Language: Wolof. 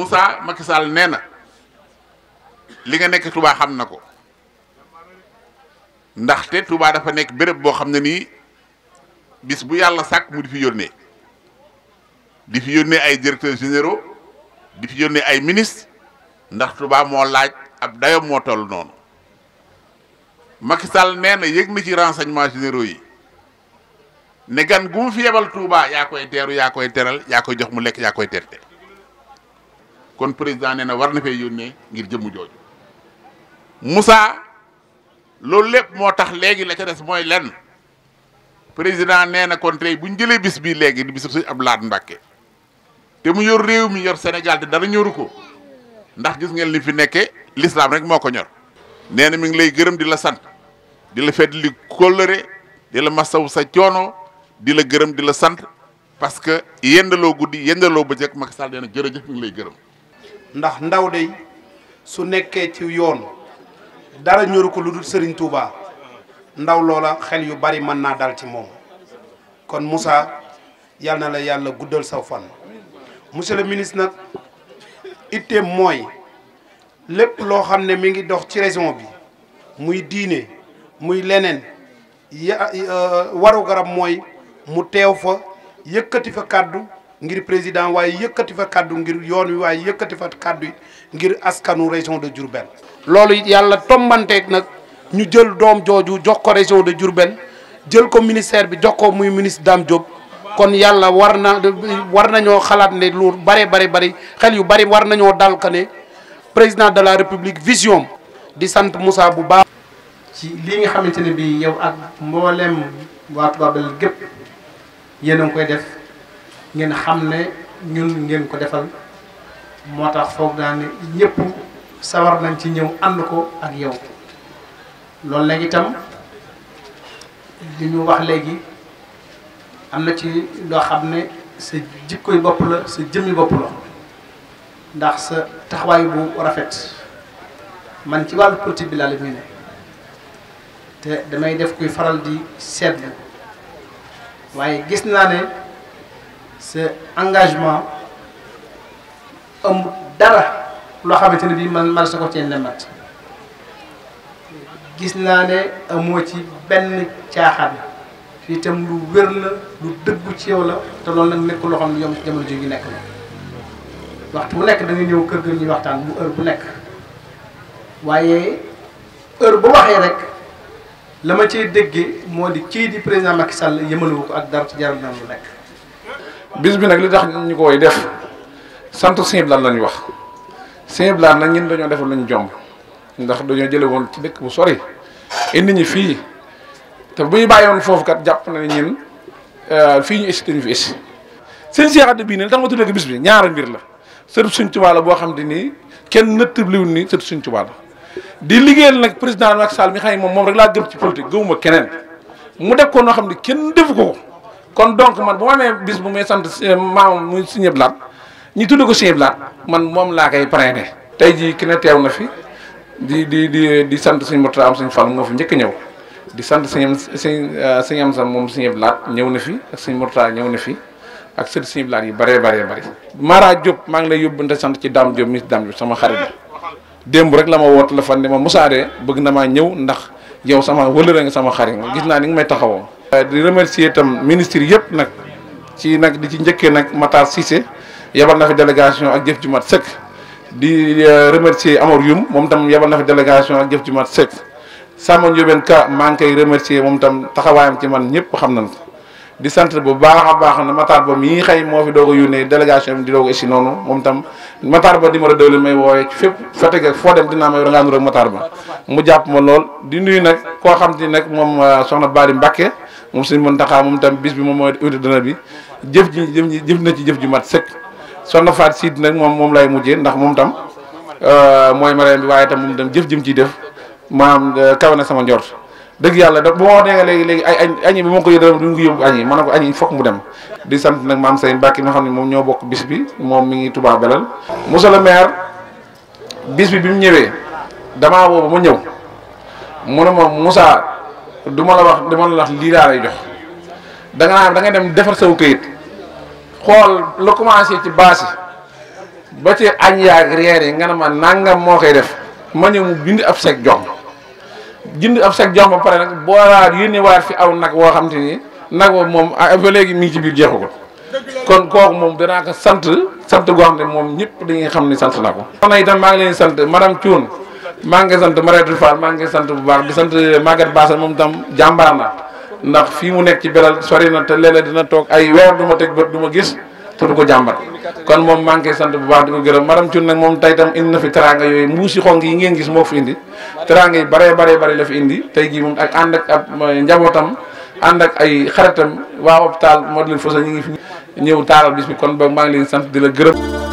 Moussa Macky Sall nee na li nga nekk Touba xam na ko ndaxte Touba dafa nekk béréb boo xam ne nii bis bu yàlla sàkk mu di fi yónnee di fi yónnee ay directeurs généraux di fi yónnee ay ministres ndax Touba moo laaj ab dayoom moo toll noonu Macky Sall nee na yëg na ci renseignements généraux yi ne gan gu mu fi yebal Touba yaa koy teeru yaa koy teral yaa koy jox mu lekk yaa koy terte kon président nee na war na fee yónnee ngir jëmm jooju Moussa loolu lépp moo tax léegi la ca des mooy lenn président nee na kon tey bu ñu jëlee bis bii léegi di bisu sëñ ab laat Mbacké te mu yor réew mi yor Sénégal te dara ñoru ko ndax gis ngeen li fi nekkee l'islam rek moo ko ñor nee na mi ngi lay gërëm di la sant di la fedd li kóllëre di la masaw sa coono di la gërëm di la sant parce que yendaloo guddi yendaloo bëccëg Macky Sall nee a jërëjëf mi ngi lay gërëm ndax ndaw day su nekkee ci yoonu dara ñoru ko lu dul Serigne Touba ndaw loola xel yu bari mën naa dal ci moom kon Moussa yal na la yàlla guddal saw fan monsieur le ministre nag itteem mooy lépp loo xam ne mi ngi dox ci région bi muy diine muy leneen ya garab mooy mu teew fa yëkkati fa kàddu ngir président way yëkëti fa kaddu ngir yoon wi way yëkëti fa kaddu ngir askanu région de jurbel loolu it yàlla tombanteeg nag ñu jël dom joju jox ko région de Diourbel jël ko ministère bi jox ko muy ministre dam job kon yalla warna warna ñoo xalaat ne lu bari bari bari xel yu bari warna ñoo dal ka né président de la république vision di sante Moussa bu baax. ci li nga xamanteni bi yow ak mbollem wa Toubabel gep def. ngeen xam ne ñun ngeen ko defal moo tax foog naa ne ñëpp sawar nañ ci ñëw ànd ko ak yow loolu léegi itam li ñu wax léegi am na ci loo xam ne sa jikkoy bopp la sa jëmmi bopp la ndax sa taxawaay bu rafet man ci wàllu politique bi laa la ne te damay def kuy faral di seetlu waaye gis naa ne. ce engagement ëmb dara loo xamante ne bii man man sa ko cee mat gis naa ne amoo ci benn caaxaan fii tam lu wér la lu dëggu ci yow la te loolu nag nekk loo xam ne yom jamono ji gi nekk la waxtu bu nekk da ñëw kër ga ñuy waxtaan bu heure bu nekk waaye heure bu waxee rek la ma cee déggee moo di kii di président Macky Sall yëmale ko ak dara ci jaral na mu nekk bis bi nag li tax ñu koy def sant Sëñ Blaat lañ wax Sëñ Blaat nag ñin dañoo defal lañu jomb ndax dañoo jële woon ci dëkk bu sori indi ñi fii te bu ñu bàyyi foofu kat jàpp na ñin euh, fii ñu isi dañu fi isi sëñ Cheikh Adda bii ne tax ma tuddee bis bi ñaari mbir la sëtu Sëñ Tuubaa la boo xam te nii kenn nëttabliwul ni sëtu Sëñ Tuubaa la di liggéeyal nag président Macky Sall mi xam ne moom moom rek laa gëm ci politique gëmuma keneen mu def ko noo xam ne kenn defu ko ko kon donc man bu amé bis bu may sant eh, ma mu signé blat ñi tuddu ko signé blat man mom la kay prêté tay ji ki na tew na fi di di di di sant Sëñ Murtada am Sëñ Fall mo fi ñëk ñew di sant sëñ sëñ eh, sëñ am sa mom Sëñ blat ñew na fi ak Sëñ Murtada ñew na fi ak sët Sëñ blat yi bare bare bare Mara Diop ma ngi lay yóbbante sant ci dam Diop mis dam Diop sama xarit la rek la ma woo téléphone ma Moussa de bëgg na ma ñew ndax yow sama wëlëre nga sama xarit gis na ni ngi may taxawoo Euh, di remercier itam ministre yëpp nag ci nag di ci njëkkee nag Matar Cissé yabal na fi délégation ak jëf ju mat sëkk di euh, remercier Amor Youm moom tam yabal na fi délégation ak jëf ju mat sëkk Samba Ndiobène Ka maa ngi koy remercier moom tam taxawaayam ci man ñëpp xam nañ di sant bu baax a baax na Matar Ba mii xëy moo fi doog a yónnee délégation bi di doog a si noonu moom tam Matar Ba numéro 2 li may woowee fépp Fatick ak foo dem dinaa may da ngaa nuru ak Matar Ba mu jàpp ma lool di nuyu nag koo xam te nag moom euh, soxna Bari Mbacke moom suñu Mountakha moom tam bis bi moom mooy uti dana bi jëf ji jëf ji jëf na ci jëf ju mat sëkk soxna Faat Siid nag moom moom lay mujjee ndax moom tam euh, mooy marraine bi waaye tam moom tam jëf jëm ci def maam euh, kaw na sama njort dëgg yàlla da bu ma nee nga léegi léegi ay añ añi ma ko yëdërëm du ñu ko yóbbu añi ma ne ko añi foog mu dem di sant nag maam Sey Mbàkke mi nga xam ne moom ñoo bokk bis bi moom mi ngi Touba Belel monsieur le maire bis bi bi mu ñëwee damaa boobu ma ñëw mu ne ma Moussa la wax du ma la da nga naan dem defar saw këyit xool lu commencé ci baasi ba ci añ reer yi nga ma nangam moo koy def ma ñëw mu bind ab sec jox jënd ab sag jox ba pare nag booraat yónnee waat fi aw nag woo xam te ni nag boobu moom ah, ba léegi mi ngi ci biir jeexagul kon kooku moom danaa ko sant sant goo xam ne moom ñëpp dañuy xam ni sant na ko. soxna itam maa ngi leen sant madame Thioune maa ngi sant Mariétou Fall maa ngi sant bu baax di sant euh, Maguette Bassal moom itam jàmbaar na ndax fii mu nekk ci belal sori na te léeg dina toog ay weer du ma teg bët du ma gis. tudd ko jàmbat kon moom maa ngi sant bu baax di ko gërëm maram Thioune nag moom tey tam indi na fi teraanga yooyu mbuusi xong yi ngeen gis moo fi indi teraanga yi baree baree bari la fi indi tey jii moom ak ànd ak ab euh, njabootam ànd ak ay xaritam waa hôpital Matlaboul Fawzeyni ñu ngi fi ñëw taaral bis bi kon boog maa ngi sant di la gërëm